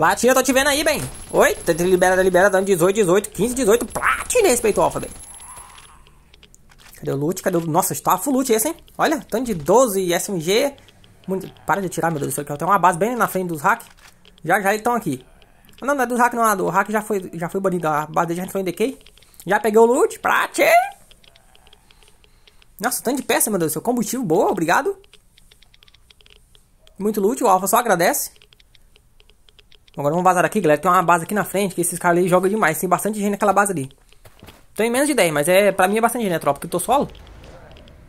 Platina, tô te vendo aí, bem. Oi, tá libera, libera, dando 18, 18, 15, 18. Platina, respeito o alfa, bem. Cadê o loot? Cadê o... Nossa, está full loot esse, hein? Olha, tanto de 12 SMG. Muito... Para de tirar, meu Deus do céu, que eu tenho uma base bem na frente dos hacks. Já, já eles estão aqui. Não, não é dos hacks, não. É do hack já foi, já foi banido. A base dele já foi em decay. Já peguei o loot. Platina. Nossa, tanto de peça, meu Deus do céu. Combustível boa, obrigado. Muito loot, o alfa só agradece. Agora vamos vazar aqui, galera. Tem uma base aqui na frente que esses caras ali jogam demais. Tem bastante gente naquela base ali. Tem menos de 10, mas é, pra mim é bastante gente, né, tropa? Porque eu tô solo.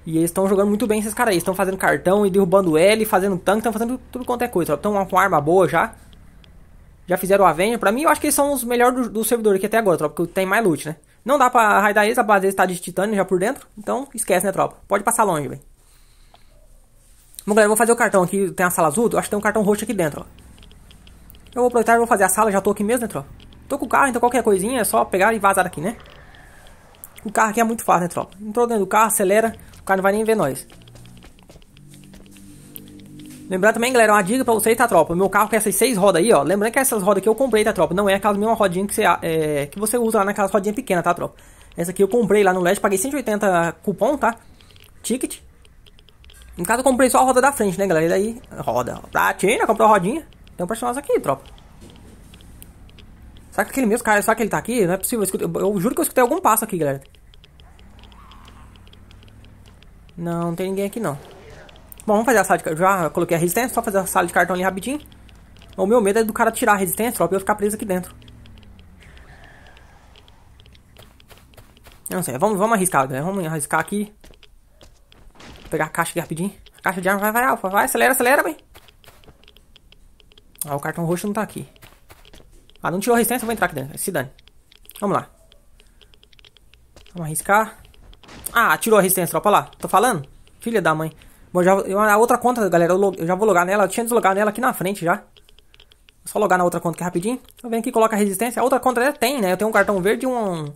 E eles estão jogando muito bem esses caras aí. Estão fazendo cartão e derrubando L, fazendo tanque, estão fazendo tudo quanto é coisa. Estão com arma boa já. Já fizeram a venda. Pra mim, eu acho que eles são os melhores do, do servidor aqui até agora, tropa. Porque tem mais loot, né? Não dá pra raidar eles, a base deles tá de titânio já por dentro. Então, esquece, né, tropa? Pode passar longe, velho. Bom, galera, eu vou fazer o cartão aqui. Tem a sala azul. Eu acho que tem um cartão roxo aqui dentro, ó. Eu vou aproveitar e vou fazer a sala, já tô aqui mesmo, né, tropa? Tô com o carro, então qualquer coisinha é só pegar e vazar aqui, né? O carro aqui é muito fácil, né, tropa? Entrou dentro do carro, acelera, o cara não vai nem ver nós. Lembrando também, galera, uma dica pra vocês, tá, tropa? meu carro com essas seis rodas aí, ó. Lembrando que essas rodas que eu comprei, tá, tropa? Não é aquelas mesmas rodinhas que você, é, que você usa lá naquelas rodinhas pequenas, tá, tropa? Essa aqui eu comprei lá no LED, paguei 180 cupom, tá? Ticket. No caso, eu comprei só a roda da frente, né, galera? E daí, roda. pratinha comprou a rodinha. Tem um personagem aqui, tropa. Será que aquele mesmo cara, será que ele tá aqui? Não é possível, eu, escutei, eu, eu juro que eu escutei algum passo aqui, galera. Não, não tem ninguém aqui não. Bom, vamos fazer a sala de Já coloquei a resistência, só fazer a sala de cartão ali rapidinho. O meu medo é do cara tirar a resistência, tropa, e eu ficar preso aqui dentro. Não sei, vamos, vamos arriscar, galera. Né? Vamos arriscar aqui. Vou pegar a caixa aqui rapidinho. A caixa de arma vai, vai, alfa, vai acelera, acelera, velho. Ah, o cartão roxo não tá aqui. Ah, não tirou resistência, eu vou entrar aqui dentro. Se dane. Vamos lá. Vamos arriscar. Ah, tirou a resistência, tropa lá. Tô falando? Filha da mãe. Bom, já, a outra conta, galera, eu, eu, já vou logar nela. Eu tinha deslogado nela aqui na frente já. Só logar na outra conta aqui rapidinho. Eu então, venho aqui e coloca a resistência. A outra conta já tem, né? Eu tenho um cartão verde e um...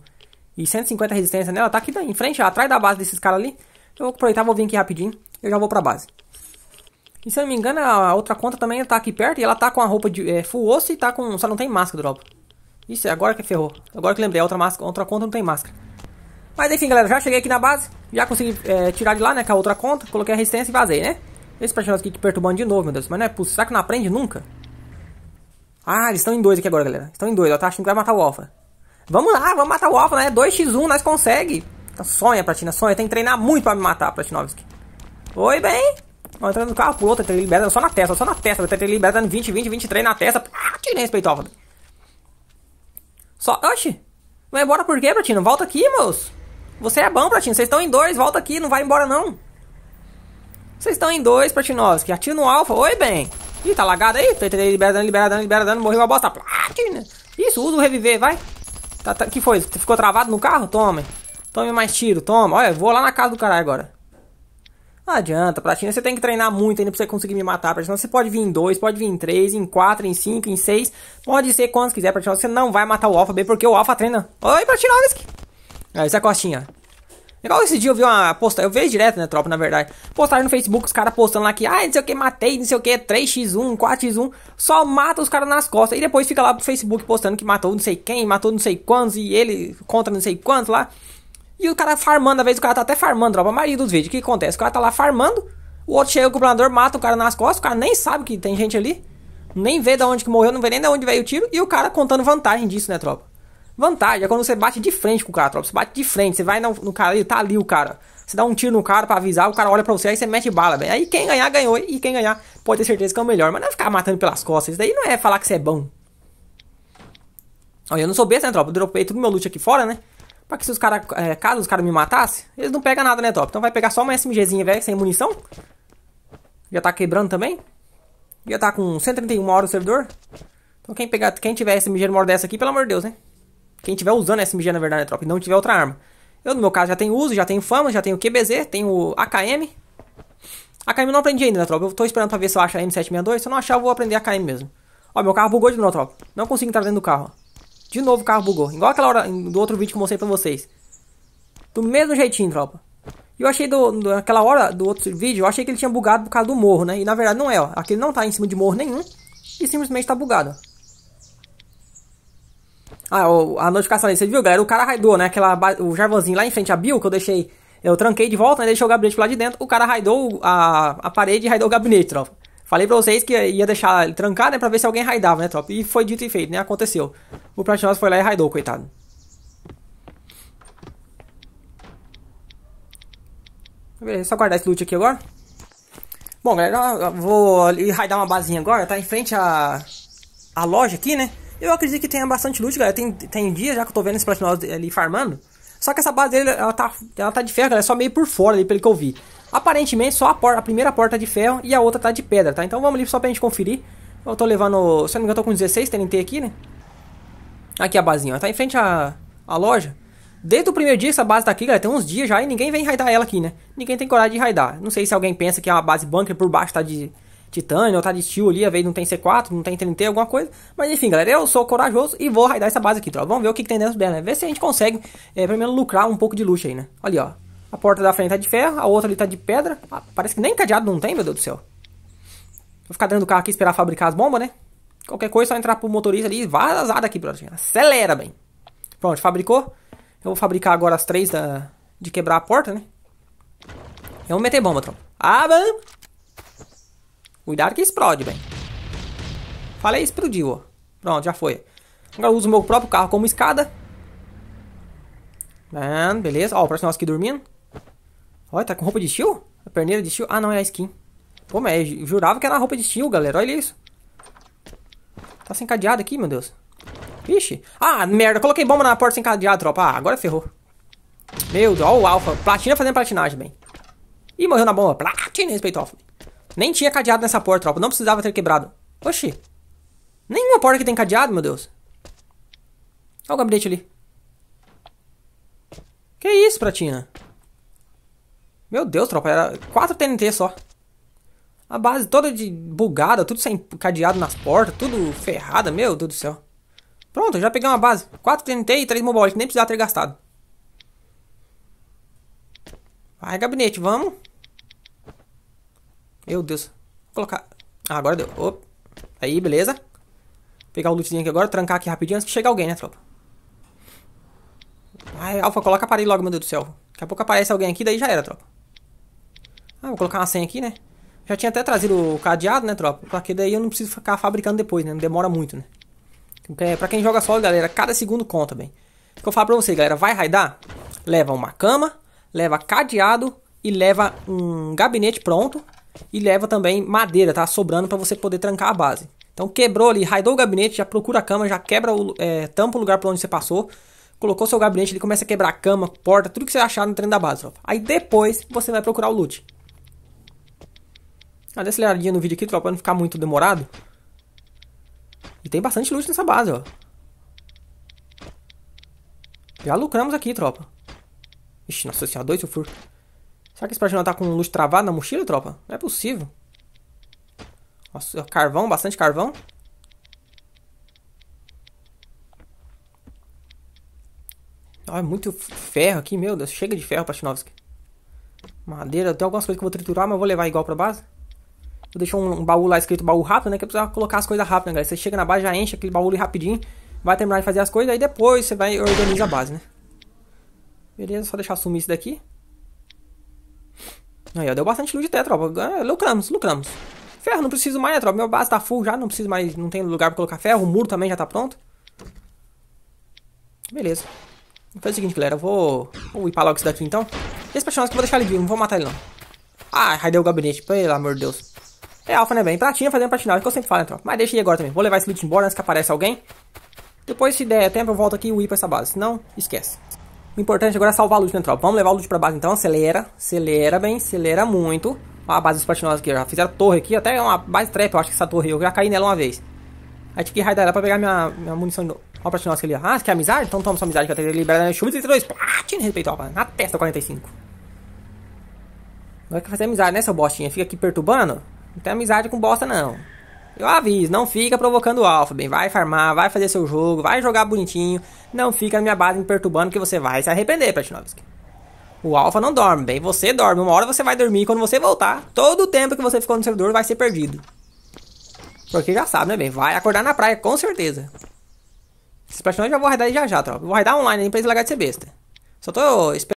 E 150 resistência nela. Tá aqui em frente, atrás da base desses caras ali. Eu vou aproveitar, vou vir aqui rapidinho. Eu já vou pra base. E se eu não me engano, a outra conta também tá aqui perto e ela tá com a roupa de é, full osso e tá com. Só não tem máscara, Dropa. Isso, é agora que ferrou. Agora que lembrei, a outra, máscara, outra conta não tem máscara. Mas enfim, galera, já cheguei aqui na base. Já consegui é, tirar de lá, né, com a outra conta. Coloquei a resistência e vazei, né? Esse personagem aqui que perturbando de novo, meu Deus. Mas não é possível. Será que não aprende nunca? Ah, eles estão em dois aqui agora, galera. Estão em dois. Ela tá achando que vai matar o Alpha. Vamos lá, vamos matar o Alpha, né? 2x1, nós consegue. Então, sonha, Platina, sonha. Tem que treinar muito pra me matar, Pratinovski. Oi, bem. Ó, entrando no carro, pulou, tentei liberando só na testa, só na testa, tá liberando 20, 20, 20, 23 na testa. Ah, tirei esse Só, oxe, Vai embora por quê, Pratino? Volta aqui, moço. Você é bom, Pratino, Vocês estão em dois, volta aqui, não vai embora não. Vocês estão em dois, Pratinovski, Atira no alfa. Oi, bem. Ih, tá lagado aí? tá liberando liberando liberando dano, Morreu a bosta. Platino. Ah, Isso, usa o reviver, vai. Tá, tá, que foi? Ficou travado no carro? Toma. Tome mais tiro, toma. Olha, vou lá na casa do caralho agora. Não adianta, platina você tem que treinar muito ainda pra você conseguir me matar. Platina você pode vir em 2, pode vir em 3, em 4, em 5, em 6. Pode ser quantos quiser, platina você não vai matar o Alpha B, porque o Alpha treina. Oi, Platinovski! Aí, essa é a costinha. Igual esse dia eu vi uma posta, eu vejo direto, né, tropa, na verdade. Postaram no Facebook, os caras postando lá que, ah, não sei o que, matei, não sei o que, 3x1, 4x1, só mata os caras nas costas. E depois fica lá pro Facebook postando que matou não sei quem, matou não sei quantos, e ele contra não sei quantos lá. E o cara farmando, às vezes o cara tá até farmando, dropa a maioria dos vídeos. O que acontece? O cara tá lá farmando, o outro chega com o planador, mata o cara nas costas, o cara nem sabe que tem gente ali, nem vê da onde que morreu, não vê nem da onde veio o tiro, e o cara contando vantagem disso, né, tropa? Vantagem é quando você bate de frente com o cara, tropa. Você bate de frente, você vai no, no cara, ele tá ali o cara. Você dá um tiro no cara para avisar, o cara olha pra você, aí você mete bala, velho. Aí quem ganhar, ganhou. E quem ganhar, pode ter certeza que é o melhor. Mas não é ficar matando pelas costas. Isso daí não é falar que você é bom. Olha, eu não sou besta, né, tropa? Eu dropei tudo meu loot aqui fora, né? Pra que se os caras. É, caso os caras me matassem, eles não pegam nada, né, top? Então vai pegar só uma SMGzinha, velho, sem munição. Já tá quebrando também. Já tá com 131 horas o servidor. Então quem, pegar, quem tiver SMG numa hora dessa aqui, pelo amor de Deus, né? Quem tiver usando SMG, na verdade, né, top? e não tiver outra arma. Eu, no meu caso, já tenho uso, já tenho fama, já tenho QBZ, tenho AKM. AKM eu não aprendi ainda, né, tropa? Eu tô esperando pra ver se eu acho a M762. Se eu não achar, eu vou aprender AKM mesmo. Ó, meu carro bugou de novo, tropa. Não consigo entrar dentro do carro, ó. De novo o carro bugou. Igual aquela hora do outro vídeo que eu mostrei pra vocês. Do mesmo jeitinho, tropa. E eu achei do, do, naquela hora do outro vídeo, eu achei que ele tinha bugado por causa do morro, né? E na verdade não é, ó. Aqui ele não tá em cima de morro nenhum. E simplesmente tá bugado, ó. Ah, a notificação ali, você viu, galera? O cara raidou, né? Aquela, o Jarvanzinho lá em frente, a Bill, que eu deixei... Eu tranquei de volta, né? Deixei o gabinete lá de dentro. O cara raidou a, a parede e raidou o gabinete, tropa. Falei pra vocês que ia deixar ele trancado, né? Pra ver se alguém raidava, né, tropa? E foi dito e feito, né? Aconteceu. O Platinosa foi lá e raidou, coitado. Beleza, só guardar esse loot aqui agora. Bom, galera, vou ir raidar uma basinha agora. Tá em frente à, à loja aqui, né? Eu acredito que tenha bastante loot, galera. Tem, tem dia já que eu tô vendo esse Platinosa ali farmando. Só que essa base dele, ela tá, ela tá de ferro, galera. Só meio por fora ali, pelo que eu vi. Aparentemente só a, porta, a, primeira porta é de ferro e a outra tá de pedra, tá? Então vamos ali só pra gente conferir. Eu tô levando, se eu não me engano, eu tô com 16 TNT aqui, né? Aqui a base, ó. Tá em frente à, à loja. Desde o primeiro dia essa base tá aqui, galera, tem uns dias já e ninguém vem raidar ela aqui, né? Ninguém tem coragem de raidar. Não sei se alguém pensa que é uma base bunker por baixo tá de titânio ou tá de steel ali, a vez não tem C4, não tem TNT, alguma coisa. Mas enfim, galera, eu sou corajoso e vou raidar essa base aqui, tropa. Vamos ver o que, que tem dentro dela, né? Ver se a gente consegue, é, pelo menos, lucrar um pouco de luxo aí, né? Olha, ó. A porta da frente tá de ferro, a outra ali tá de pedra. Ah, parece que nem cadeado não tem, meu Deus do céu. Vou ficar dentro do carro aqui e esperar fabricar as bombas, né? Qualquer coisa, é só entrar pro motorista ali e vazar daqui, brother. Acelera, bem. Pronto, fabricou. Eu vou fabricar agora as três da... de quebrar a porta, né? Eu vou meter bomba, tropa. Ah, bom. Cuidado que explode, bem. Falei, explodiu, ó. Pronto, já foi. Agora eu uso o meu próprio carro como escada. Ah, beleza. Ó, o próximo nosso aqui dormindo. Olha, tá com roupa de steel? A perneira de steel? Ah, não, é a skin. Pô, mas jurava que era a roupa de steel, galera. Olha isso. Tá sem cadeado aqui, meu Deus. Vixe. Ah, merda. Coloquei bomba na porta sem cadeado, tropa. Ah, agora ferrou. Meu Deus, olha o Alpha. Platina fazendo platinagem, bem. Ih, morreu na bomba. Platina, respeitófilo. Nem tinha cadeado nessa porta, tropa. Não precisava ter quebrado. Oxi. Nenhuma porta que tem cadeado, meu Deus. Olha o gabinete ali. Que isso, Platina? Meu Deus, tropa, era 4 TNT só. A base toda de bugada, tudo sem cadeado nas portas, tudo ferrada, meu Deus do céu. Pronto, já peguei uma base. 4 TNT e 3 mobile, que nem precisava ter gastado. Vai, gabinete, vamos. Meu Deus. Vou colocar... Ah, agora deu. Opa. Aí, beleza. Vou pegar o lootzinho aqui agora, trancar aqui rapidinho antes que chegue alguém, né, tropa? Vai, Alpha, coloca a parede logo, meu Deus do céu. Daqui a pouco aparece alguém aqui, daí já era, tropa. Ah, vou colocar uma senha aqui, né? Já tinha até trazido o cadeado, né, tropa? Porque daí eu não preciso ficar fabricando depois, né? Não demora muito, né? É, pra quem joga solo, galera, cada segundo conta, bem. O que eu falo pra vocês, galera, vai raidar? Leva uma cama, leva cadeado e leva um gabinete pronto. E leva também madeira, tá? Sobrando para você poder trancar a base. Então quebrou ali, raidou o gabinete, já procura a cama, já quebra o, é, tampa o lugar pra onde você passou. Colocou seu gabinete, ele começa a quebrar a cama, porta, tudo que você achar no trem da base, tropa. Aí depois você vai procurar o loot. Ah, dá aceleradinha no vídeo aqui, tropa, pra não ficar muito demorado. E tem bastante luz nessa base, ó. Já lucramos aqui, tropa. Ixi, nossa senhora, dois furo. Será que esse projeto tá com luz travado na mochila, tropa? Não é possível. Nossa, carvão, bastante carvão. Olha, é muito ferro aqui, meu Deus. Chega de ferro, Pachinovski. Madeira, tem algumas coisas que eu vou triturar, mas eu vou levar igual pra base. Eu deixei um, um baú lá escrito baú rápido, né? Que precisa colocar as coisas rápido, né, galera? Você chega na base, já enche aquele baú ali rapidinho, vai terminar de fazer as coisas, aí depois você vai organiza a base, né? Beleza, só deixar sumir isso daqui. Aí, ó, deu bastante luz até, tropa. Lucramos, lucramos. Ferro, não preciso mais, né, tropa? Meu base tá full já, não preciso mais, não tem lugar pra colocar ferro. O muro também já tá pronto. Beleza. Vou fazer o seguinte, galera, eu vou... Vou ir logo isso daqui, então. Esse personagem que eu vou deixar ele vivo, não vou matar ele, não. Ah, raideu o gabinete, pelo amor de Deus. É alfa, né, velho? Platina fazendo platinagem, que eu sempre falo, né, tropa? Mas deixa aí agora também. Vou levar esse loot embora antes que apareça alguém. Depois, se der tempo, eu volto aqui e ir pra essa base. Se não, esquece. O importante agora é salvar a loot, né, tropa? Vamos levar o loot pra base, então. Acelera. Acelera bem. Acelera muito. Ó, a base dos platinosos aqui. ó. já fizeram torre aqui. Até uma base trap, eu acho que essa torre. Eu já caí nela uma vez. Aí tive que raidar ela pra pegar minha, minha munição de novo. Ó, platinosos ali, ó. Ah, você quer amizade? Então toma sua amizade que eu tenho liberado na chuva de 32. Platina, respeito, ó. Na testa, 45. Agora quer fazer amizade, né, seu bostinha? Fica aqui perturbando. Não tem amizade com bosta, não. Eu aviso, não fica provocando o alfa, bem. Vai farmar, vai fazer seu jogo, vai jogar bonitinho. Não fica na minha base me perturbando que você vai se arrepender, Platinovski. O alfa não dorme, bem. Você dorme. Uma hora você vai dormir quando você voltar, todo o tempo que você ficou no servidor vai ser perdido. Porque já sabe, né, bem? Vai acordar na praia, com certeza. Esses Platinovski já vou arredar já já, tropa. Vou arredar online, nem pra esse de ser besta. Só tô esperando.